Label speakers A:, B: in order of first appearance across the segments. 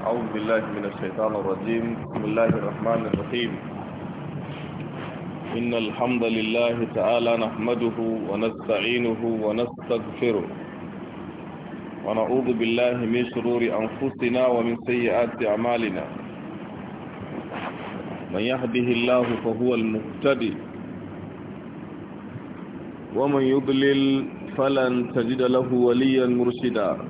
A: أعوذ بالله من الشيطان الرجيم بسم الله الرحمن الرحيم إن الحمد لله تعالى نحمده ونستعينه ونستغفره ونعوذ بالله من شرور أنفسنا ومن سيئات أعمالنا من يهده الله فهو المهتدي ومن يضلل فلن تجد له وليا مرشدا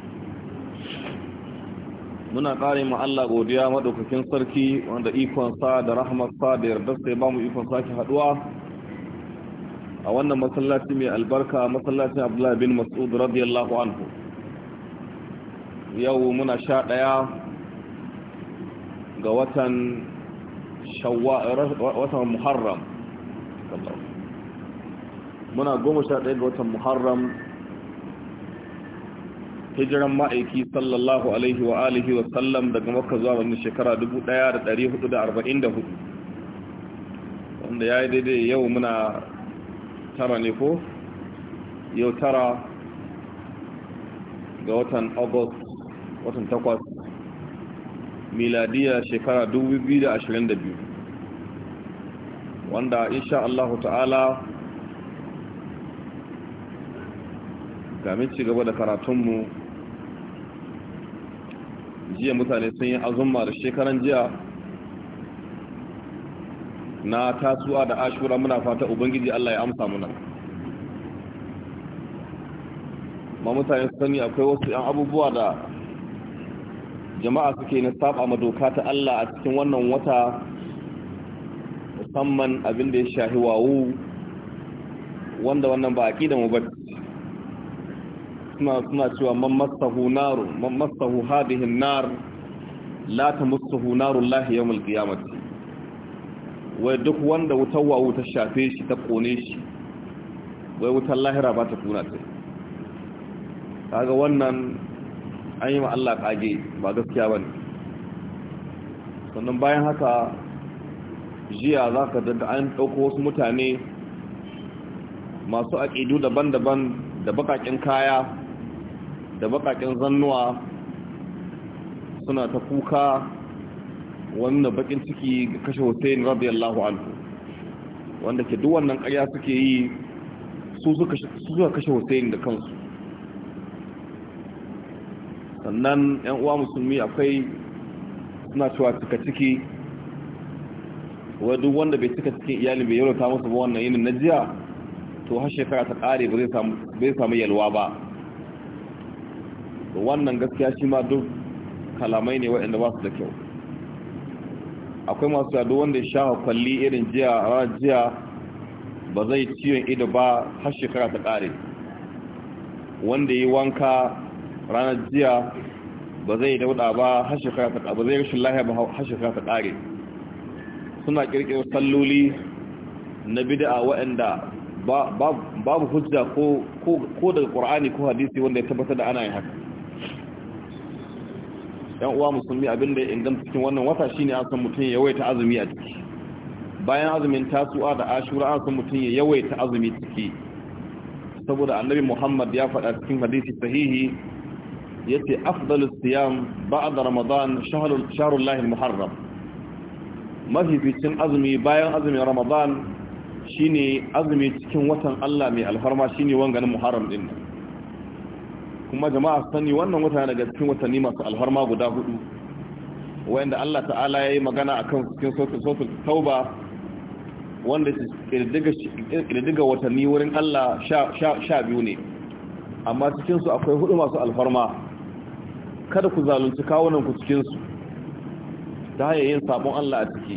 A: muna ƙare ma Allah godiya madaukakin sarki wanda ikonsa da rahmarsa da yardar sai ba mu ikon sake haduwa a wannan masallaci mai albarka masallacin Abdullahi bin Mas'ud radiyallahu anhu yau muna sha ɗaya ga watan shawwa watan Muharram muna goma sha ɗaya ga watan Muharram hijiran ma'aiki sallallahu alaihi wa alihi wa sallam daga makka zuwa wani shekara 1444 wanda ya yi daidai yau muna tara ne ko yau tara ga watan august watan takwas miladiya shekara 2022 wanda insha Allah ta'ala kamin ci gaba da karatunmu jiya mutane sun yi azumma da shekaran jiya na tasuwa da ashura muna fata ubangiji Allah ya amsa muna ma mutane sani akwai wasu yan abubuwa da jama'a suke na saba ma doka ta Allah a cikin wannan wata musamman abin da ya shahi wawu wanda wannan ba a ƙi da mu ba suna cewa man masahu naru man masahu hadhihi nar la tamassahu naru Allah yawm al-qiyamah wai duk wanda wutar wa wutar shafe shi ta kone shi wai wutar lahira ba ta kuna ta kaga wannan an yi ma Allah kage ba gaskiya bane sannan bayan haka jiya za ka da an ɗauko wasu mutane masu aƙidu daban-daban da baƙaƙen kaya da bakakin zannuwa suna ta kuka wanda bakin ciki ga kashe hussein radiyallahu anhu wanda ke duk wannan ƙarya suke yi su suka kashe hussein da kansu sannan 'yan uwa musulmi akwai suna cewa cika ciki duk wanda bai cika cikin iyali bai yalwata musu ba wannan yinin na jiya to har shekara ta ƙare ba zai samu yalwa ba wannan gaskiya shi ma duk kalamai ne waɗanda ba su da kyau akwai masu yadu wanda ya sha kwalli irin jiya a jiya ba zai ciwon ido ba har shekara ta ƙare wanda yi wanka ranar jiya ba zai dauda ba har shekara ta ƙare ba zai rashin lahiya ba har shekara ta ƙare suna ƙirƙirar salloli na bid'a waɗanda babu hujja ko daga ƙur'ani ko hadisi wanda ya tabbatar da ana yin haka yan uwa musulmi abin da ya inganta cikin wannan wata shine an san mutum ya yawaita azumi a ciki bayan azumin tasu'a da ashura an san mutum ya yawaita azumi ciki saboda annabi Muhammad ya faɗa cikin hadisi sahihi ya ce afdalu siyam ba'da ramadan shahrul lahi muharram mafificin azumi bayan azumin ramadan shine azumi cikin watan Allah mai alfarma shine wangan muharram din kuma jama'a sani wannan wata yana ga cikin watanni masu alfarma guda hudu wanda Allah ta'ala ya yi magana a kan cikin sosu tauba wanda ƙirɗiga watanni wurin Allah sha biyu ne amma cikinsu akwai hudu masu alfarma kada ku zalunci kawunan ku cikinsu ta hanyar yin sabon Allah a ciki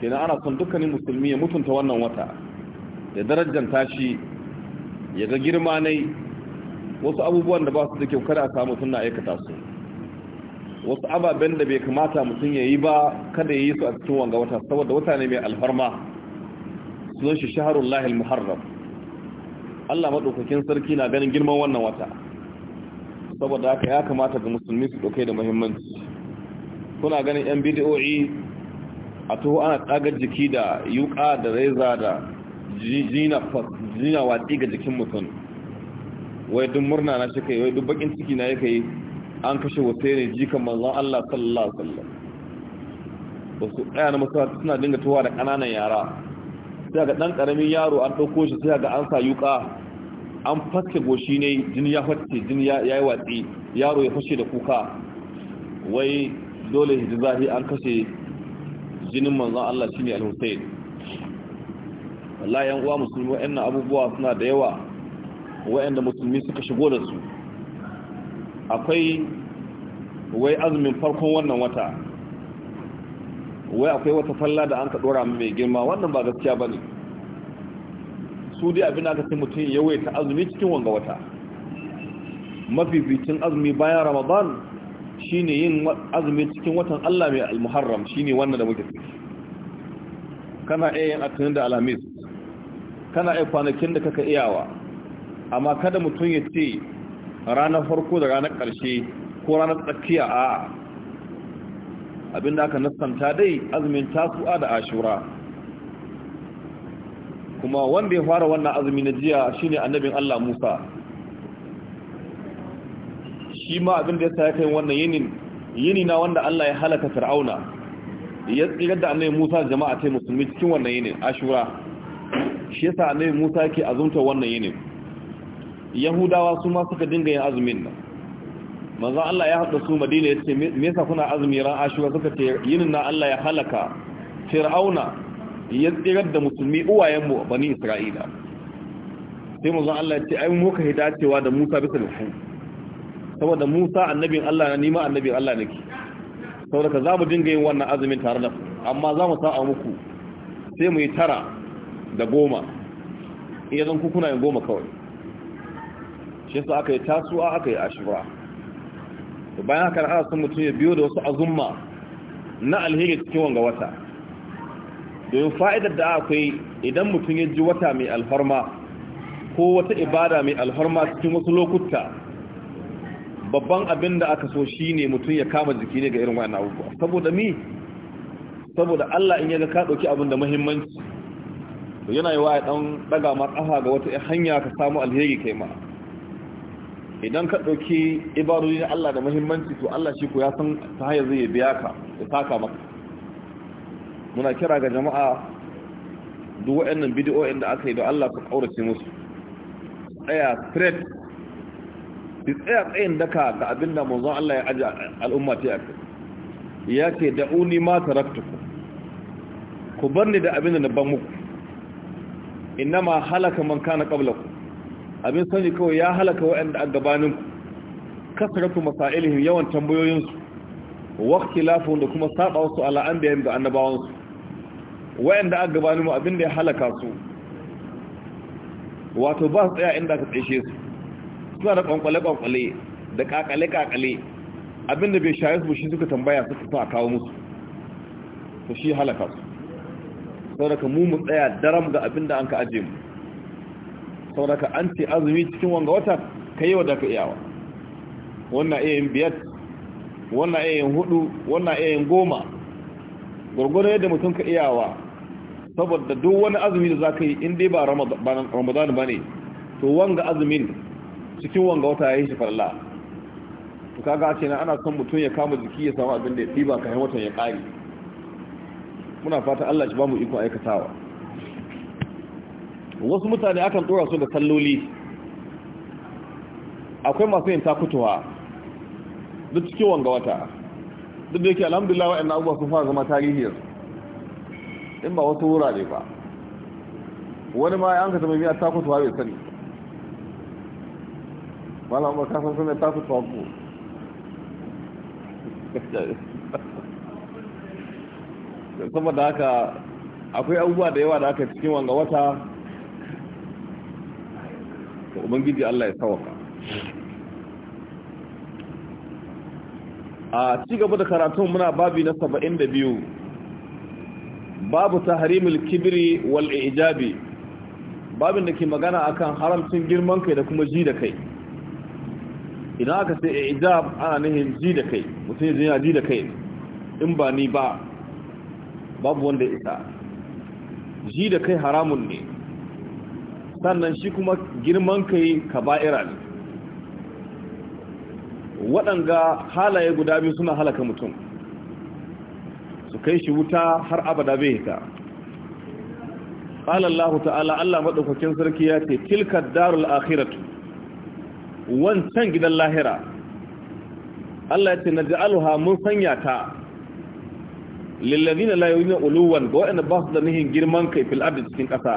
A: kenan ana son dukkanin musulmi ya mutunta wannan wata da darajanta shi ya ga girma ne wasu abubuwan da ba su da kyau kada a samu suna aikata su wasu ababen da bai kamata mutum ya yi ba kada ya yi su a cikin wanga wata saboda wata ne mai alfarma Sun shi shaharun lahil muharram Allah maɗaukakin sarki na ganin girman wannan wata saboda haka ya kamata ga musulmi su ɗauke da muhimmanci kuna ganin yan bidiyoyi a tuhu ana tsagar jiki da yuka da reza da jina watsi ga jikin mutum wai duk murna na shi wai duk bakin ciki na yake an kashe wata yanayi jikan manzon Allah sallallahu alaihi wasallam wasu ɗaya na masallaci suna dinga tuwa da ƙananan yara sai ga ɗan ƙaramin yaro an ɗauko shi sai ga an sa yuƙa an faske goshi ne jini ya fatke jini ya yi watsi yaro ya fashe da kuka wai dole zahi an kashe jinin manzon Allah shi ne al-Husayn wallahi yan uwa musulmi wa'annan abubuwa suna da yawa wa'anda musulmi suka shigo da su akwai wai azumin farkon wannan wata wai akwai wata falla da an ka dora mai girma wannan ba gaskiya ba ne su dai abin aka sai mutum ta azumi cikin wanga wata mafificin azumi bayan ramadan shine yin azumi cikin watan allah mai almuharram shine wannan da muke ciki kana iya yin da alhamis kana iya kwanakin da kaka iyawa amma kada mutum ya ce ranar farko da ranar ƙarshe ko ranar tsakiya a abinda aka nassanta dai azumin tasu'a da ashura kuma wanda ya fara wannan azumi na jiya shine annabin Allah Musa shi ma abinda ya sa ya kai wannan yinin yini na wanda Allah ya halaka fir'auna ya tsirar da annabi Musa jama'a ta musulmi cikin wannan yinin ashura shi yasa annabi Musa yake azumta wannan yinin yahudawa su ma suka dinga yin azumin nan manzo Allah ya hada su madina ya ce me yasa kuna azumi ran ashura suka ce yinin na Allah ya halaka fir'auna ya tsirar da musulmi uwayenmu bani isra'ila sai manzo Allah ya ce ai mu hida hidacewa da Musa bisa da su saboda Musa annabin Allah ne ma annabin Allah nake saboda za mu dinga yin wannan azumin tare da ku amma za mu sa'a muku sai mu yi tara da goma iya zan kukuna yin goma kawai shi yasa aka yi tasuwa aka yi ashura to bayan haka ana son mutum ya biyo da wasu azumma na alheri cikin wanga wata domin fa'idar da akwai idan mutum ya ji wata mai alfarma ko wata ibada mai alfarma cikin wasu lokuta babban abin da aka so shi ne mutum ya kama jiki ne ga irin wa'in abubuwa saboda mi saboda Allah in yaga ka dauki abin da muhimmanci yana yi wa ya ɗan ɗaga ma ƙafa ga wata hanya ka samu alheri kai ma idan ka ɗauki ibarori na Allah da muhimmanci to Allah shi ku ya san ta hanyar zai biya ka da saka maka muna kira ga jama'a duk waɗannan bidiyoyin da aka yi da Allah ku ƙaurace musu tsaya straight ki tsaya tsayin daka ga abin da manzon Allah ya aji al'umma ta yake ya ce da'uni ma taraktuku ku bar ni da abin da na ban muku innama halaka man kana qablakum abin sani kawai ya halaka waɗanda a gabanin kasaratu masailihim yawan tambayoyinsu wakti lafin da kuma saba wasu ala'an da ga annabawansu waɗanda a gabanin abin da ya halaka su wato ba su tsaya inda ka tsaye su suna da kwankwale-kwankwale da kakale-kakale abin da bai shaye su shi suka tambaya su a kawo musu to shi halaka su saboda mu mu tsaya daram ga abin da an ka aje mu sauraka an ce azumi cikin wanga wata ka yi wadda ka iyawa wannan iya yin biyar wannan iya yin hudu wannan iya yin goma gwargwado yadda mutum ka iyawa saboda duk wani azumi da za ka yi in dai ba ramadan ba ne to wanga azumin cikin wanga wata ya yi shi farla to kaga ce na ana son mutum ya kama jiki ya samu abin da ya fi ba yi watan ya ƙari muna fata Allah shi ba mu iko aikatawa wasu mutane akan tsora su da salloli akwai masu yin takutuwa duk cikin wanga wata duk da yake alhamdulillah inna abubuwa sun fara zama tarihi in ba wasu wurare ba wani ma an ka zama biya takutuwa bai sani na ba kasar suna takutuwa ku saboda haka akwai abubuwa da yawa da aka cikin wanga wata ubangiji Allah ya sawaka a ci gaba da karatun muna babi na 72 babu tahrimul kibri wal ijabi babin da ke magana akan haramcin girman kai da kuma ji da kai idan aka sai ijab ana nihin ji da kai mutum yanzu yana ji da kai in ba ni ba babu wanda isa ji da kai haramun ne sannan shi kuma girman kai kaba'ira ne waɗanga halaye guda biyu suna halaka mutum su kai shi wuta har abada bai hita ƙalallahu ta'ala Allah maɗaukakin sarki ya ce tilkar darul akhiratu wancan gidan lahira Allah ya ce na ja'aluha mun sanya ta lillazina la na uluwan ga waɗanda ba su da nihin girman kai fil'adda da cikin ƙasa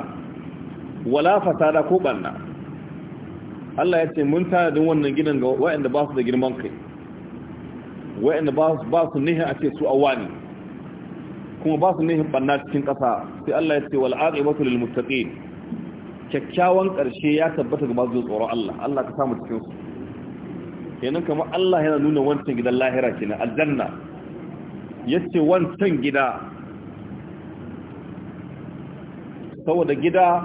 A: wala fasada ko banna Allah ya ce mun tanadin wannan gidan ga waɗanda ba su da girman kai waɗanda ba su nihin a ce su awani kuma ba su nihin banna cikin ƙasa sai Allah ya ce wal aqibatu lil muttaqin kyakkyawan ƙarshe ya tabbata ga masu tsoron Allah Allah ka samu cikin su kenan kamar Allah yana nuna wancan gidan lahira kenan aljanna yace wancan gida saboda gida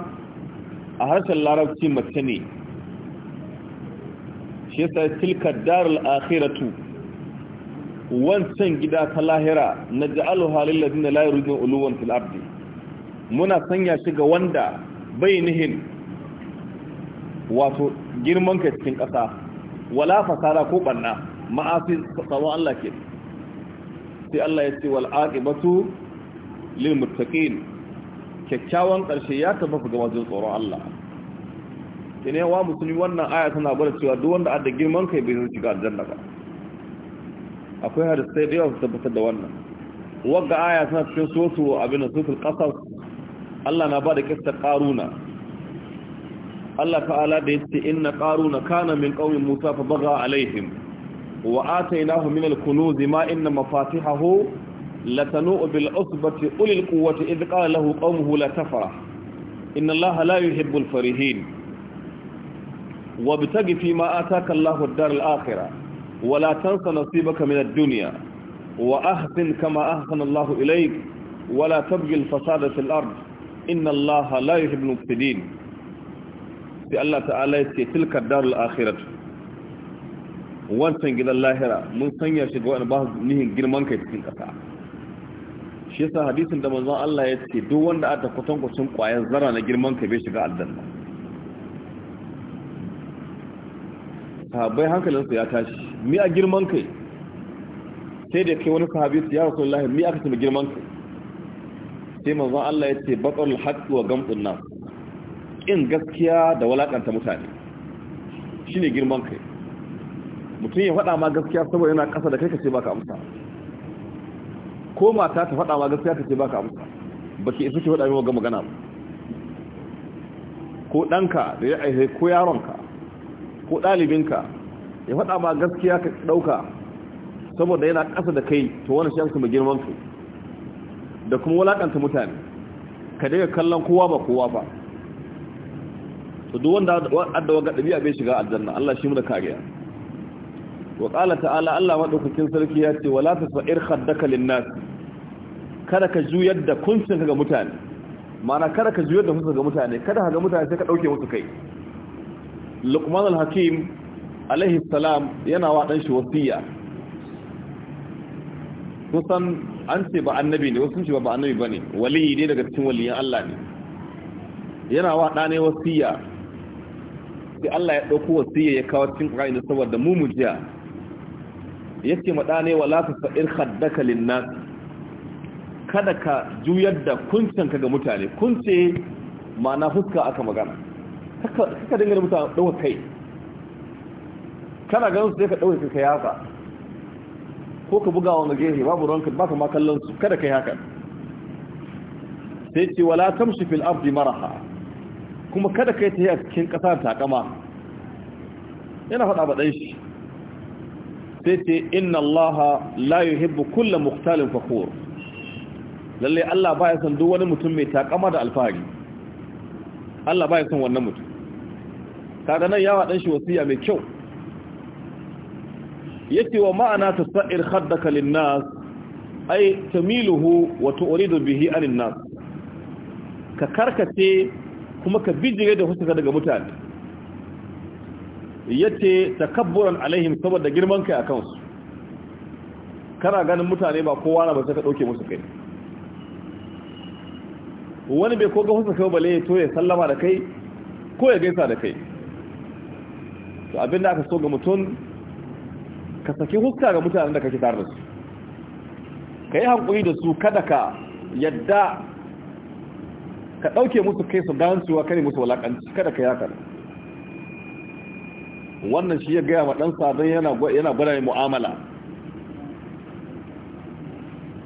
A: a harshen larabci mace ne shi yasa tilka darul akhiratu wancan gida ta lahira na ja'alu halil ladina la yuridun uluwan fil ardi muna sanya shi ga wanda bai wato girman ka cikin ƙasa wala fasara ko banna ma'afi tsawon Allah ke sai Allah ya ce wal aqibatu lil muttaqin kyakkyawan ƙarshe ya tabbata ga wajen tsoron Allah kene wa musulmi wannan aya tana gwada cewa duk wanda adda girman kai bai shiga aljanna ba akwai hadisai da yawa su tabbatar da wannan wagga aya tana cikin sosu abin sufil qasas Allah na ba da kissa qaruna Allah ta'ala da yace inna karuna kana min qaumi Musa fa baga alaihim wa atainahu min al-kunuz ma inna mafatihahu latanu'u bil usbati ulil quwwati id qala lahu qawmuhu la tafra inna allaha la yuhibbu al farihin ma ataka allahu ad-dar al akhirah wa la tansa nasibaka min ad-dunya wa ahsin kama ahsana allahu ilayk wa la tabghi al fasada fil ard inna allaha la yuhibbu al mufsidin bi allahi ta'ala yace tilka gidan lahira mun sanya shi ga wani ba su nihin girman kai cikin kasa shi yasa hadisin da manzon Allah ya ce duk wanda aka kutan kucin ƙwayar zara na girman ka bai shiga aljanna sahabbai su ya tashi mi a girman kai sai da kai wani sahabi su ya rasu lahi mi aka tuna girman kai sai manzon Allah ya ce batsar haƙƙi wa gamsun nan in gaskiya da walaƙanta mutane shine girman kai mutum ya faɗa ma gaskiya saboda yana ƙasa da kai ka ce baka amsa ko mata ta faɗa ma gaskiya ta ce baka amsa baki isa ce faɗa mai ga magana ba ko ɗanka da ya aihe ko yaronka ko ɗalibinka ya faɗa ma gaskiya ka ɗauka saboda yana ƙasa da kai to wani shi mai girman kai da kuma wulaƙanta mutane ka daga kallon kowa ba kowa ba to duk wanda adda waga ɗabi'a bai shiga aljanna Allah shi mu da kariya wa qala ta'ala Allah madaukakin sarki ya ce wala tasfa'ir khaddaka lin-nas kada ka juyar da kuncin ga mutane mana kada ka juyar da kuncin ga mutane kada ga mutane sai ka dauke musu kai Luqman al-Hakim alaihi salam yana wa dan shi wasiya kusan an ce ba annabi ne wasu sun ce ba annabi bane wali ne daga cikin waliyan Allah ne yana wa dane wasiya sai Allah ya dauko wasiya ya kawo cikin Qur'ani saboda mu mujiya yace ma dane wala tasir khaddaka lin-nas kada ka juyar da kuncinka ga mutane kunce ma'ana fuska aka magana kaka dinga mutane ɗauka kai kana ganin su sai ka ɗauka kai yasa ko ka buga wani gehe babu ruwanka ba ma kallon su kada ka yi haka sai ce wala tamshi fil ardi maraha kuma kada kai ta yi a cikin ƙasa takama yana faɗa ba ɗan sai ce inna allaha la yuhibbu kulla muktalin fakhur lalle Allah ba ya san duk wani mutum mai takama da alfahari Allah ba ya san wannan mutum kaga nan yawa dan shi wasiya mai kyau yace wa ma'ana tasa'ir khaddaka lin-nas ay tamiluhu wa tu'ridu bihi 'anil-nas ka karkace kuma ka bijire da huska daga mutane yace takabburan alaihim saboda girman kai akan su kana ganin mutane ba kowa na ba sai ka dauke musu kai wani bai koga husa kai bale to ya sallama da kai ko ya gaisa da kai to abinda aka so ga mutum ka saki huska ga mutanen da kake tare da su ka yi hankuri da su kada ka yadda ka ɗauke musu kai su gane kare musu walakanci kada ka yaka wannan shi ya gaya wa dan don yana gwada mai mu'amala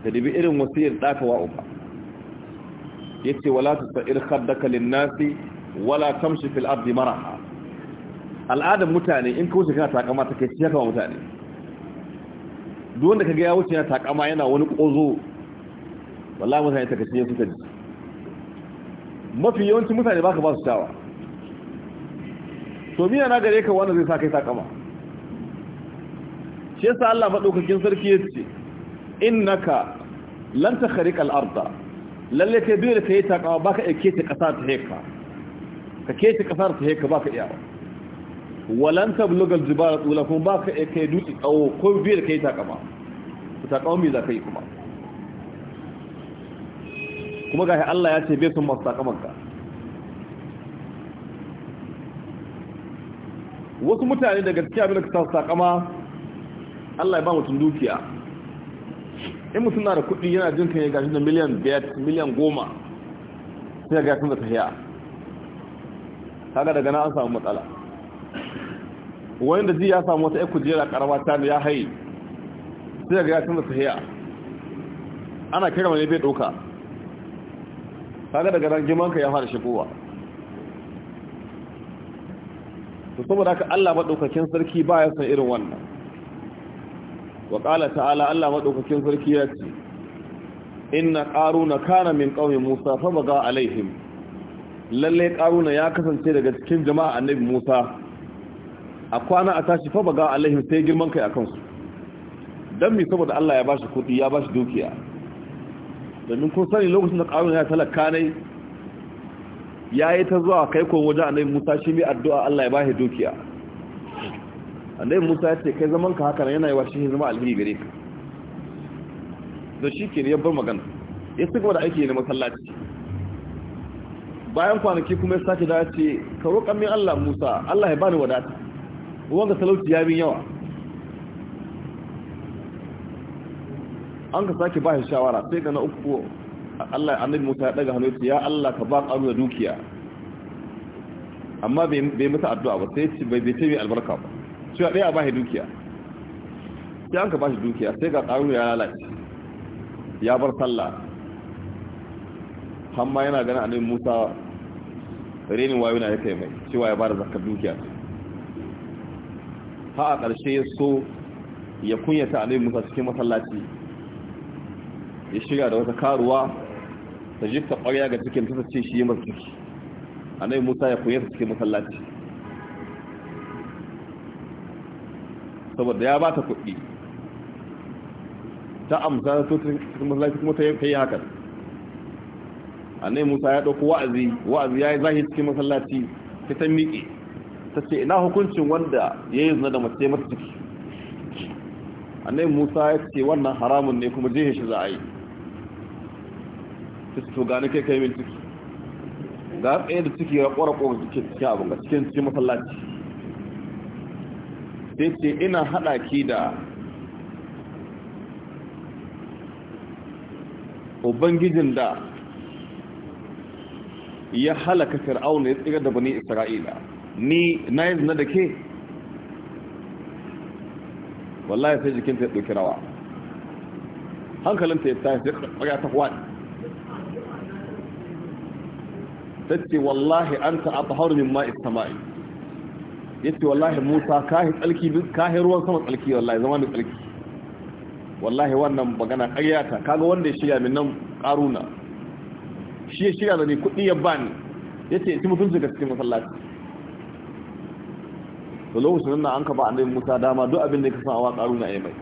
A: da dibi irin wasiyar ɗakawa uba yace wala tusa'ir khaddaka lin-nasi wala tamshi fil ardi maraha al'adan mutane in ka wuce kana takama take ciya kama mutane duk wanda kaga ya wuce yana takama yana wani kozo wallahi mutane take ciya suka ji mafi yawanci mutane baka ba su tawa to miya na gare ka wanda zai sa kai takama shi yasa Allah madaukakin sarki yace innaka lan takhriqa al-arda lalle kai dole ka yi takawa baka iya ta kasar ta heka ka ta kasar ta heka baka iya walan tablugal jibala tsula kuma baka iya kai dutse tsawo ko biyar kai takama ta takawa me za ka yi kuma kuma ga Allah ya ce bai sun masu takamanka wasu mutane daga cikin abin da ka sakama Allah ya ba mutum dukiya in mutum na da kuɗi yana jin kan ya gashi da miliyan biyar miliyan goma sai ga sun da tafiya kaga daga na an samu matsala wanda ji ya samu wata ya kujera karama ta ya haye sai ga sun da tafiya ana kira wani bai ɗauka kaga daga nan giman ka ya fara shigowa to saboda haka Allah madaukakin sarki ba ya san irin wannan wa ƙala ta'ala Allah maɗaukakin sarki ya ce inna ƙaruna kana min ƙauyen musa fa baga alaihim lallai ƙaruna ya kasance daga cikin jama'a annabi musa a kwana a tashi fa baga alaihim sai girman kai a kansu don mi saboda Allah ya ba shi kuɗi ya ba shi dukiya domin kun sani lokacin da ƙaruna ya talaka ne ya yi ta zuwa kai kon wajen annabi musa shi mai addu'a Allah ya ba shi dukiya annabi Musa ya ce kai zaman ka haka yana yawa shi zama alheri gare ka da shi ke ya magana ya ci gaba da aiki ne masallaci bayan kwanaki kuma ya sake da ce ka roƙa min Allah Musa Allah ya bani wadata wanga talauci ya bin yawa an ka sake ba shi shawara sai ga na uku Allah annabi Musa ya daga hannu ya Allah ka ba ƙaru da dukiya amma bai mata addu'a ba sai bai ce mai albarka ba cewa ɗaya ba shi dukiya sai an ka ba shi dukiya sai ga ƙaru ya lalace ya bar sallah hamma yana a nemi musa renin wayo na ya kai mai cewa ya ba da zakar dukiya ha a ƙarshe ya so ya kunyata nemi musa cikin masallaci ya shiga da wata karuwa ta jikta ƙwarya ga cikin ta shi yi masu ciki a nemi musa ya kunyata cikin masallaci saboda ya ba ta kuɗi ta amsa ta cikin masallaci kuma ta yi hakan ne musa ya ɗauko wa'azi wa'azi ya yi zahi cikin masallaci ta ta miƙe ta ce ina hukuncin wanda ya yi zina da mace mata ciki A ne musa ya ce wannan haramun ne kuma jihe shi za a yi ta ce to gani kai kai min ciki ga tsaye da ciki ya ƙwara ƙwara cikin abin ga cikin cikin masallaci sai ce ina haɗa ki da ubangijin da ya halaka fir'auna ya tsira da bani isra'ila ni na yi zina da ke wallahi sai jikinta ya ɗauki rawa hankalinta ya tashi ya ta kwaɗi ta ce wallahi an ta a min ma'is sama'i yace wallahi Musa kahi tsalki kahi ruwan sama tsalki wallahi zama da tsalki wallahi wannan magana ƙarya ta kaga wanda ya shirya min nan ƙaruna shi ya shirya da ni kuɗi ya bani yace ya ci mutunci ga cikin masallaci to lokacin nan an ka ba annabi Musa dama duk abin da ya kasa awa ƙaruna ya mai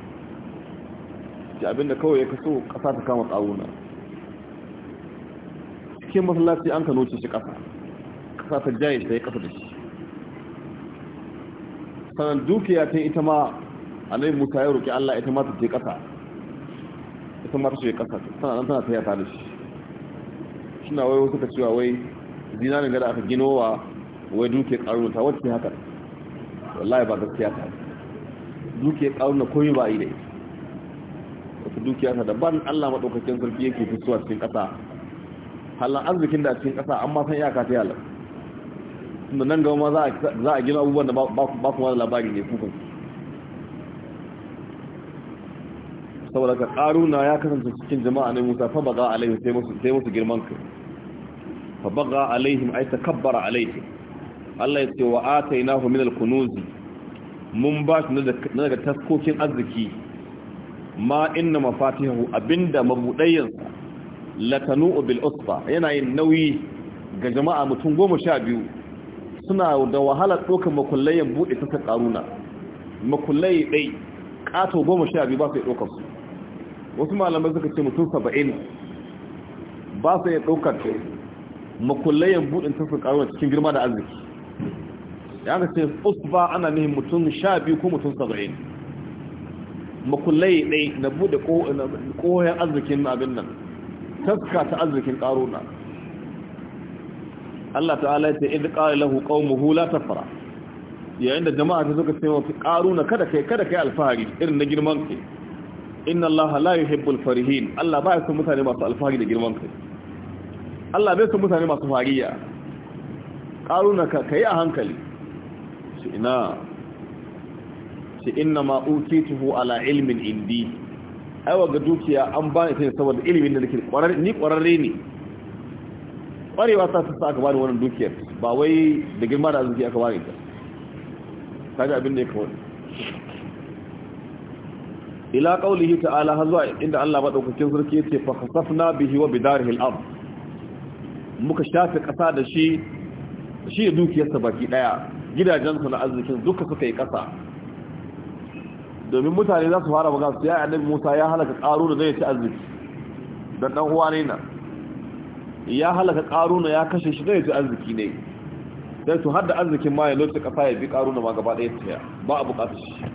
A: shi abin da kawai ya kaso ƙasa ta kama ƙaruna cikin masallaci an ka noce shi ƙasa ƙasa ta jaye shi ya ƙasa da shi sannan dukiya ta ita ma annabi musa ya roƙi Allah ita ma ta je ƙasa ita ma ta ce ƙasa nan tana ta yata da shi suna wai suka cewa wai zinarin gada aka wa wai dukiya ta wacce haka wallahi ba gaskiya ta dukiya na komi ba yi dai wata dukiya ta daban Allah maɗaukakin sarki yake fitowa cikin ƙasa halan arzikin da cikin ƙasa amma san iyaka ta yalar da nan gama za a gina abubuwan da ba kuma da labari ne kukun saboda ka na ya kasance cikin jama'a ne musa fa baga alaihim sai musu girman ka fa baga alaihim ay takabbara alaihim Allah ya ce wa atainahu min al-kunuzi mun ba shi daga taskokin arziki ma inna mafatihu abinda mabudayyansa Latanu bil usfa yana yin nauyi ga jama'a mutum goma sha biyu suna da wahalar ɗaukar makullai ya buɗe ta ƙaruna makullai ɗai ƙato goma sha biyu ba su yi ɗaukar su wasu malamai suka ce mutum saba'in ba su yi ɗaukar makullai ya buɗe ta ƙaruna cikin girma da arziki ya ga ce ba ana nihin mutum sha biyu ko mutum saba'in makullai ɗai na buɗe ƙoyon arzikin abin nan taska ta arzikin ƙaruna Allah ta'ala ya ce idh qala lahu qaumuhu la tafra yayin da jama'a ta zo ka ce wa qaruna kada kai kada kai alfahari irin na girman kai inna Allah la yuhibbul farihin Allah ba ya son mutane masu alfahari da girman kai Allah bai son mutane masu fariya qaruna ka kai a hankali shi ina shi inna ma utituhu ala ilmin indi aiwa ga dukiya an bani ta saboda ilimin da nake kwararre ni kwararre ne ƙwarewa ta sassa aka bada wannan dukiyar ba wai da girma da arziki aka bada ita ta ga abin da ya kawai ila ƙaulihi ta'ala har zuwa inda Allah ba sarki ya ce fa khasafna bihi wa bidarihi al-ard muka shafe ƙasa da shi shi da dukiyarsa baki daya gidajensa na arzikin duka suka yi ƙasa domin mutane za su fara magana su ya annabi Musa ya halaka ƙaru da zai ci arziki dan dan uwa ne na ya halaka karuna ya kashe shi ne ji arziki ne dan to har da arzikin ma ya lotsa kafa ya bi karuna ma gaba daya tsaya ba a bukatar shi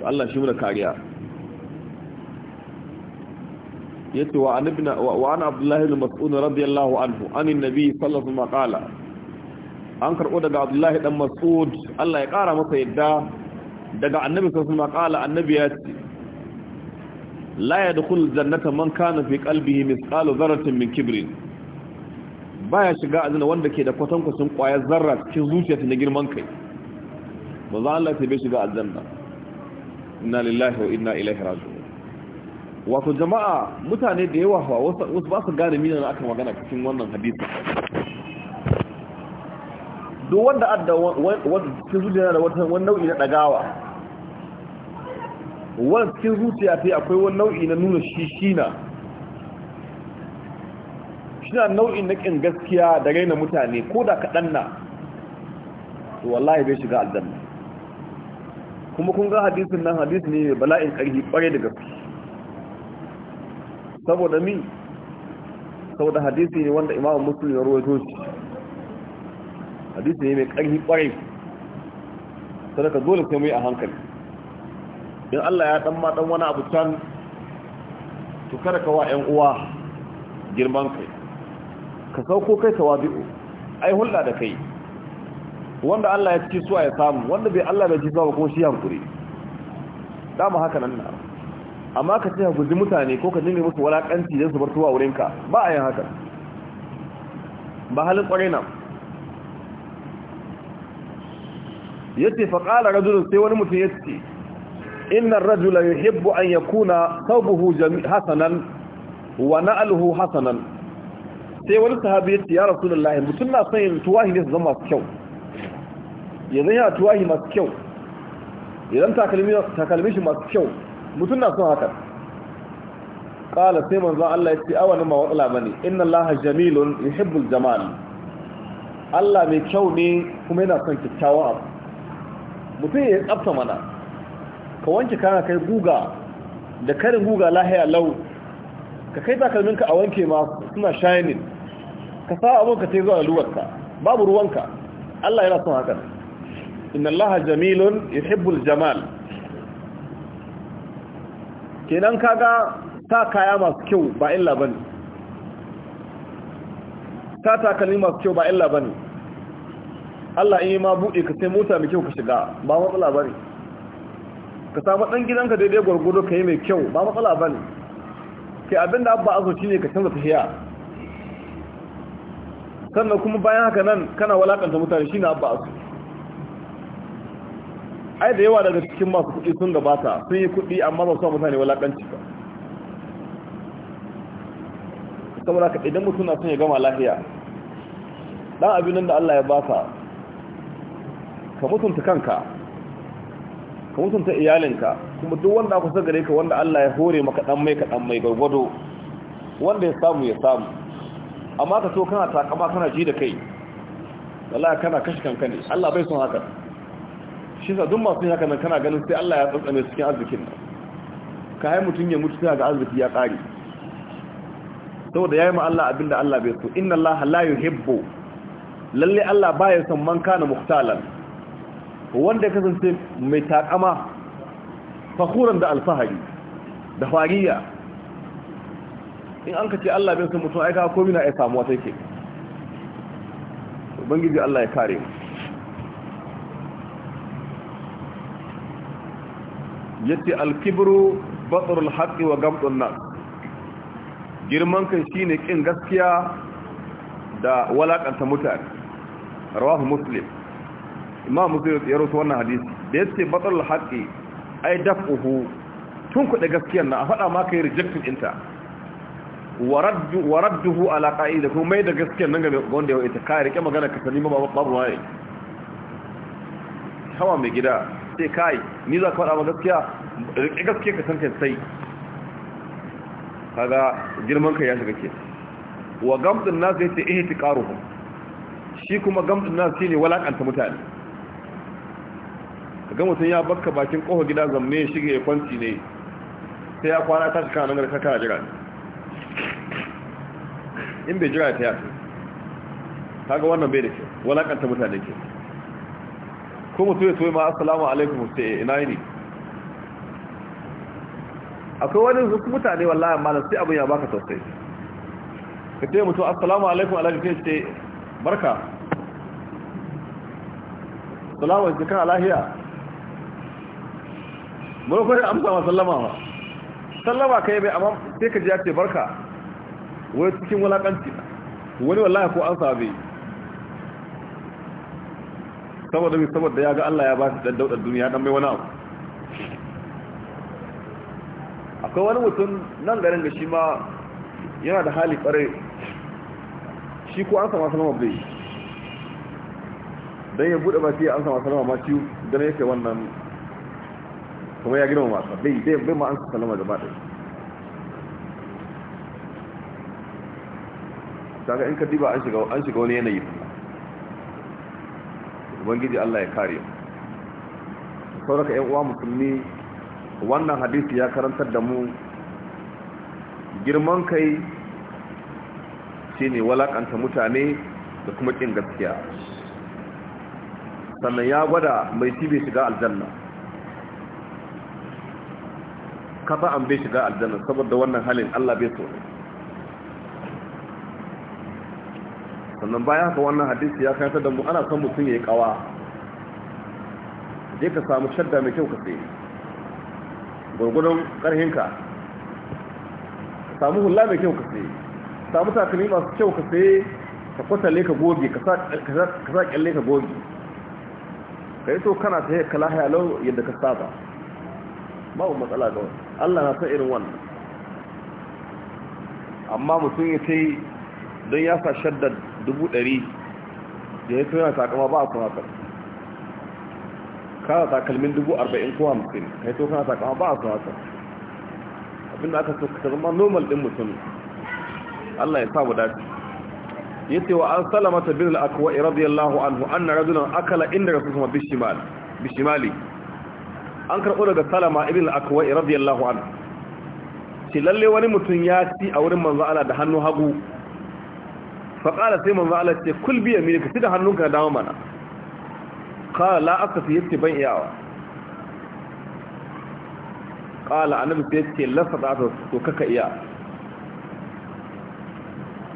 A: to Allah shi mura kariya yace wa anabna wa ana abdullahi ibn mas'ud radiyallahu anhu anin nabi sallallahu alaihi wasallam qala an karbo daga abdullahi dan mas'ud Allah ya kara masa yadda daga annabi sallallahu alaihi wasallam qala annabi ya ce la yadkhul jannata man kana fi qalbihi mithqalu dharratin min kibrin baya shiga azna wanda ke da kwatankwacin kwayar zarra cikin zuciyarsa na girman kai ba za Allah ta bai shiga aljanna inna lillahi wa inna ilaihi raji'un wato jama'a mutane da yawa fa wasu ba su gane mina na aka magana cikin wannan hadisi duk wanda adda wanda cikin zuciya da wata wani nau'i na dagawa wani cikin zuciya ta akwai wani nau'i na nuna shi shina shina nau'i na ƙin gaskiya da raina mutane ko da kaɗan na to wallahi bai shiga aljanna kuma kun ga hadisun nan hadis ne bala'in ƙarfi ƙwarai da gaske saboda mi saboda hadisi ne wanda imamu muslim ya zo shi hadisi ne mai ƙarfi ƙwarai sadaka dole sai mu yi a hankali in Allah ya dan ma dan wani abu can to kada ka wa ƴan uwa girman kai ka sauko kai tawabi'u ai hulɗa da kai wanda Allah ya ci suwa ya samu wanda bai Allah bai ji ba kuma shi hankuri dama haka nan na amma ka ce guji mutane ko ka dinga musu walakanci don su bar tuwa wurinka ba a yin haka ba halin kwarai nan yace fa qala rajulun sai wani mutum yace inna rajula yuhibbu an yakuna thawbuhu hasanan wa na'luhu hasanan sai wani sahabi ya ce ya rasulullahi mutum na son yin tuwahi ne su zama masu kyau yanzu yana tuwahi masu kyau idan takalmi shi masu kyau mutum na son haka ƙala sai manzan Allah ya ce awanin ma watsala bane inna laha jamilun yuhibbul jamal Allah mai kyau ne kuma yana son kyakkyawan abu mutum ya tsafta mana ka wanke kana kai guga da karin guga lahiya lau ka kai takalminka a wanke ma suna shining ka sa abun ka sai zuwa luwarka babu ruwanka Allah yana son hakan inna Allah jamilun yuhibbul jamal kenan kaga ta kaya masu kyau ba illa bane ta takalmi masu kyau ba illa bane Allah in yi ma buɗe ka sai mota mai kyau ka shiga ba matsala bane ka samu ɗan gidanka daidai gwargwado ka yi mai kyau ba matsala ba ne ke abinda abba aso shi ne ka canza tafiya sannan kuma bayan haka nan kana walakanta mutane shi na abba aso ai da yawa daga cikin masu kuɗi sun gabata sun yi kuɗi amma ba su mutane walakanci ba saboda ka idan mutum na son ya gama lafiya ɗan abin da Allah ya ba ka mutunta kanka ka mutunta iyalinka kuma duk wanda aka gare ka wanda Allah ya hore maka dan mai ka dan mai gargwado wanda ya samu ya samu amma ka so kana takama kana ji da kai wallahi kana kashi kanka ne Allah bai son haka shi sa duk masu haka nan kana ganin sai Allah ya tsantsame su cikin arzikin nan ka hai mutun ya mutu ga arziki ya kare saboda yayi ma Allah abinda Allah bai so inna Allah la yuhibbu lalle Allah baya son man kana muhtalan wanda kasance mai takama fakuran da alfahari da fariya in an ka ce Allah bin sun mutum aika komina na ya samu wata yake ubangiji Allah ya kare mu yace alkibru batrul haqqi wa gamdun nan, girman kai ne ƙin gaskiya da walaƙanta mutane rawahu muslim imam muslim ya rawaito wannan hadisi da yace batal haqi ay daf'uhu tun kuɗe gaskiyar na a faɗa ma kai rejectin inta waradduhu ala qa'ida ko mai da gaskiyar nan ga wanda ya wata kai rike magana ka sani babu babu waye hawa mai gida sai kai ni za ka faɗa ma gaskiya rike gaskiya ka san kai sai kaga girman ka ya shiga ke wa gamdin nas yace ihtiqaruhum shi kuma gamdin nas shine walakanta mutane kaga mutum ya bakka bakin kofa gida zamme ya shige ya kwanci ne sai ya kwana ta shika nan garka kana jira in bai jira ta yasa kaga wannan bai da ke walakanta mutane ke ko mutum ya soyi ma assalamu alaikum sai eh, ina yi ne akwai wani zuku mutane wallahi malam sai abin ya baka sosai ka ce mutum assalamu alaikum alaikum sai ce barka salamu alaikum kan alahiya Mun ko da amsa ma sallama ma sallama kai bai amma sai ka ji ya ce barka wai cikin wulakanci wani wallahi ko an sabe saboda mai saboda ya ga Allah ya ba shi dan daudar duniya dan mai wani abu akwai wani mutum nan garin da shi ma yana da hali kware shi ko an sama salama bai dan ya bude baki an sama salama ma ciwo dan yake wannan kuma ya girma masa bai bai bai ma'an su salama gaba ɗaya kaga in ka diba an shiga wani yanayi ubangiji Allah ya kare mu sauraka ƴan uwa musulmi wannan hadisi ya karantar da mu girman kai shine walakanta mutane da kuma kin gaskiya sannan ya gwada mai shi bai shiga aljanna kaza an bai shiga aljanna saboda wannan halin Allah bai so sannan bayan haka wannan hadisi ya kanta da mu ana son mutum ya yi kawa je ka samu shadda mai kyau ka sai gurgurun karhin ka samu hula mai kyau ka sai samu takalmi masu kyau ka sai ka kwatalle ka goge ka sa kyalle ka goge ka yi so kana ta yi kala hayalau yadda ka saba babu matsala ga wani Allah na sa irin wannan amma mutum ya ce don ya sa shaddar dubu ɗari da ya tuna takama ba a kuma kan kana takalmin dubu arba'in ko hamsin ka yi to kana takama ba a kuma kan abinda aka so ka zama normal ɗin mutum Allah ya mu dace Ya ce wa an salamata bin al'akwai radiyallahu anhu an na rajulan akala inda rasu bishimal bishimali an karɓo daga salama ibn al-akwai radiyallahu an ce lalle wani mutum ya ci a wurin manzo Allah da hannu hagu fa qala sai manzo Allah ce kul bi ka ci da hannunka da mana kala la akfi yatti ban iyawa kala annabi sai ce la sadata to kaka iya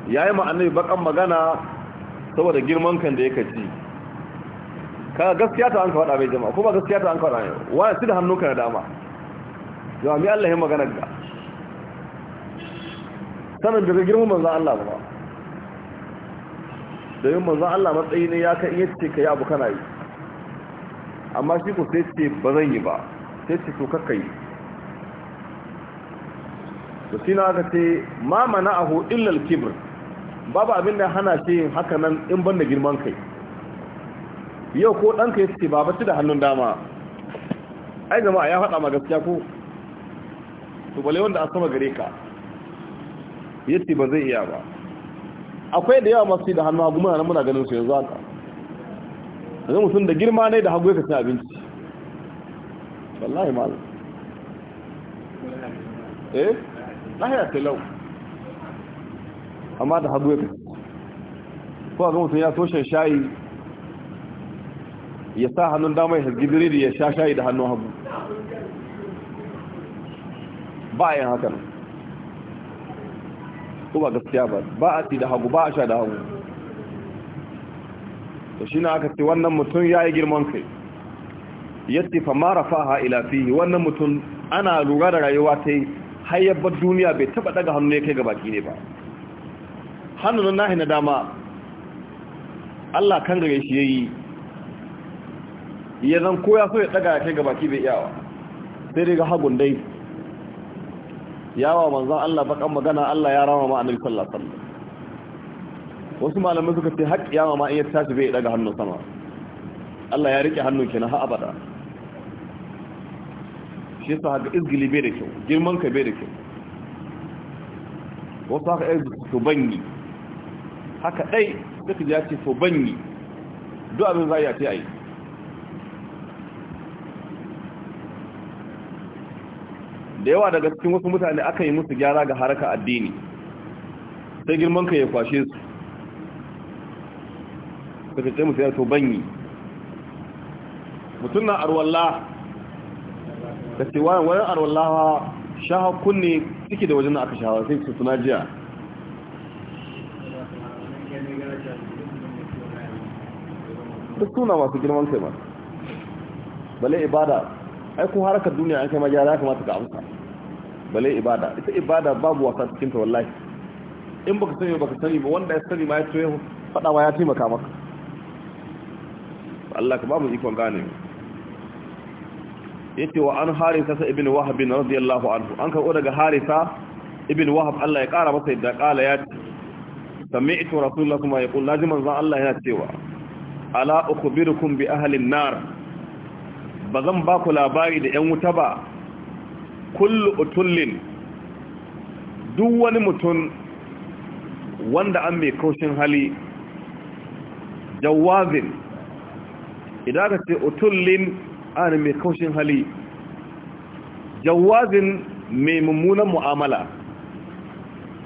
A: yayi ma annabi bakan magana saboda girman kan da yake ci ka gaskiya ta an ka faɗa mai jama'a kuma gaskiya ta an ka faɗa mai wani su da hannunka na dama yawa mi Allah ya magana ga sanin daga girman manzan Allah ba da yin manzan Allah matsayi ne ya kan iya ce ka yi abu kana yi amma shi ku sai ce ba zan yi ba sai ce to kakka yi da shi na aka ce ma mana ahu illal kibir babu abin da hana shi yin haka nan in ban da girman kai yau ko ɗanka ya ce baba da hannun dama ai jama'a ya faɗa ma gaskiya ko to bale wanda a sama gare ka ya ce ba zai iya ba akwai da yawa masu yi da hannu hagu muna muna ganin su yanzu haka yanzu mutum da girma ne da hagu ya kasu abinci wallahi mal eh lahiya talau amma da hagu ya kasu ko a ga mutum ya toshe shayi ya sa hannun dama ya hasgi biriri ya sha shayi da hannun hagu ba a yin hakan ko ba gaskiya ba ba a ci da hagu ba a sha da hagu da shi na aka ce wannan mutum ya yi girman kai yadda fa mara faha ilafihi wannan mutum ana lura da rayuwa ta yi hayyabbar duniya bai taba daga hannun ya kai ga baki ne ba hannun nahi na dama Allah kan gare shi ya yi. ya zan koya so ya tsaga ya kai ga baki bai iyawa sai dai ga hagun dai yawa manzan Allah bakan magana Allah ya rama ma annabi sallallahu alaihi wasu malamai suka ce haƙƙi yawa ma iya tashi bai ɗaga hannun sama Allah ya riƙe hannun kina har abada shi yasa haka izgili bai da kyau girman ka bai da kyau wasu haka yanzu su banyi haka ɗai suka ji ya ce su banyi duk abin za a yi a ce a yi da yawa daga cikin wasu mutane aka yi musu gyara ga haraka addini sai girman ka ya kwashe su suka ce musu ya to banyi mutum na arwalla da ce wayan arwalla shaha kunne ciki da wajen da aka shahara sai su suna jiya duk suna masu girman kai ma balai ibada ai ko harakar duniya an kai ma gyara ya kamata ka amsa bale ibada ita ibada babu wasa cikin ta wallahi in baka sani baka sani ba wanda ya sani ma ya ce fada ma ya taimaka maka Allah ka ba mu ikon gane yace wa an harisa sa ibn wahab radiyallahu anhu an ka daga harisa ibn wahab Allah ya kara masa yadda kala ya sami'tu rasulullahi kuma yaqul lazim zan Allah yana cewa ala ukhbirukum bi ahli an-nar ba zan ba ku labari da 'yan wuta ba kullu utullin duk wani mutum wanda an mai kaushin hali jawazin idan ka ce utullin an mai kaushin hali jawazin mai mummunan mu'amala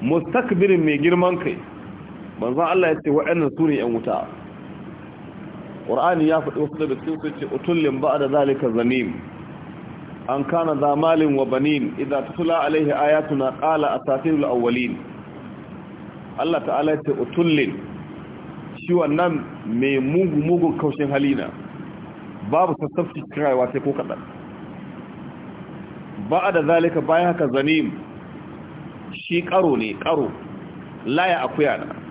A: mustakbirin mai girman kai manzan Allah ya ce wa'annan su ne 'yan wuta ƙur'ani ya faɗi wasu daga cikin sun ce utullin ba da zalika zanim an kana zamalin wa banin idan tutula alaihi ayatuna a asatirul awwalin Allah ta'ala ce utullin shi wannan mai mugu mugun kaushin halina babu sassafci kirawa sai ko kaɗan. ba da zalika bayan haka zanim shi ƙaro ne ƙaro laya ya akuya na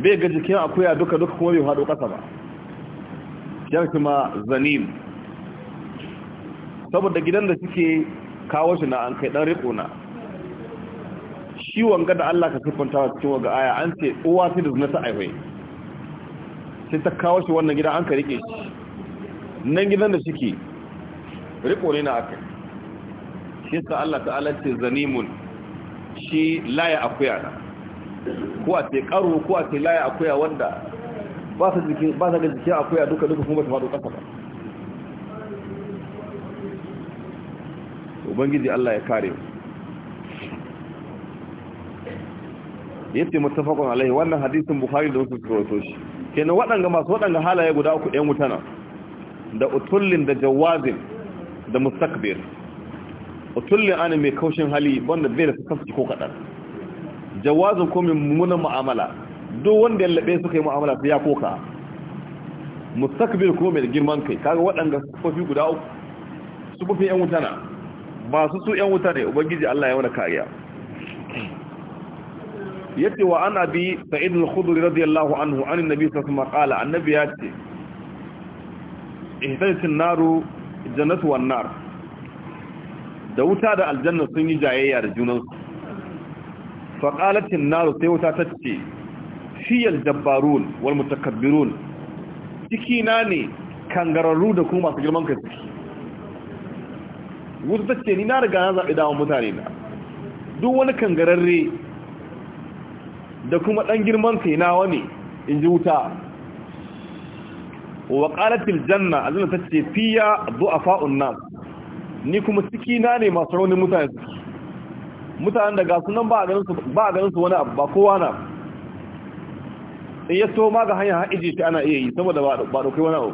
A: bai ga jikin akuya duka duka kuma bai haɗo ƙasa ba yan ma zanim saboda gidan da suke kawo shi na an kai ɗan riƙo na shi wanga da Allah ka siffanta cikin waga aya an ce uwa ta da zuna ta aihwai sai ta kawo shi wannan gidan an ka riƙe shi nan gidan da suke riƙo ne na aka shi sa Allah ta'ala ce zanimun shi laya akuya na kuwa a ce karu kuwa a ce laye akuya wanda ba su jikin ba su jikin akuya duka duka kuma ba su faɗo ƙasa ba ubangiji Allah ya kare yace muttafaqun alaihi wannan hadisin bukhari da wasu suka shi kenan waɗanga masu waɗanga halaye guda uku ɗan mutana da utullin da jawazin da mustakbir utullin ana mai kaushin hali wanda bai da sassafci ko kaɗan jawazin ko mummunan mu'amala duk wanda ya labe suka yi mu'amala ya koka mustakbir ko mai girman kai kaga waɗanda sufofi guda uku sufofin yan wuta na ba su su yan wuta ne ubangiji Allah ya wani kariya yace wa ana bi sa'id al-khudri radiyallahu anhu an annabi sallallahu alaihi wasallam annabi yace ihtajat an-naru jannatu wan-nar da wuta da aljanna sun yi jayayya da junansu faƙalatin naru sai wuta ta ce fiyar dabbarun wal mutakabbirun ciki na ne kangararru da kuma masu girman kai ciki wuta ta ce ni na riga na zaɓi dawon mutane na duk wani kangararre da kuma ɗan girman kai na wani in ji wuta wa ƙalatin janna a zina ta ce fiya zuwa fa'un nan ni kuma ciki na ne masu raunin mutane ciki mutanen da gasu nan ba a ganin su wani abu ba kowa na in ya so ma ga hanyar haɗe shi ana iya yi saboda ba ɗaukai wani abu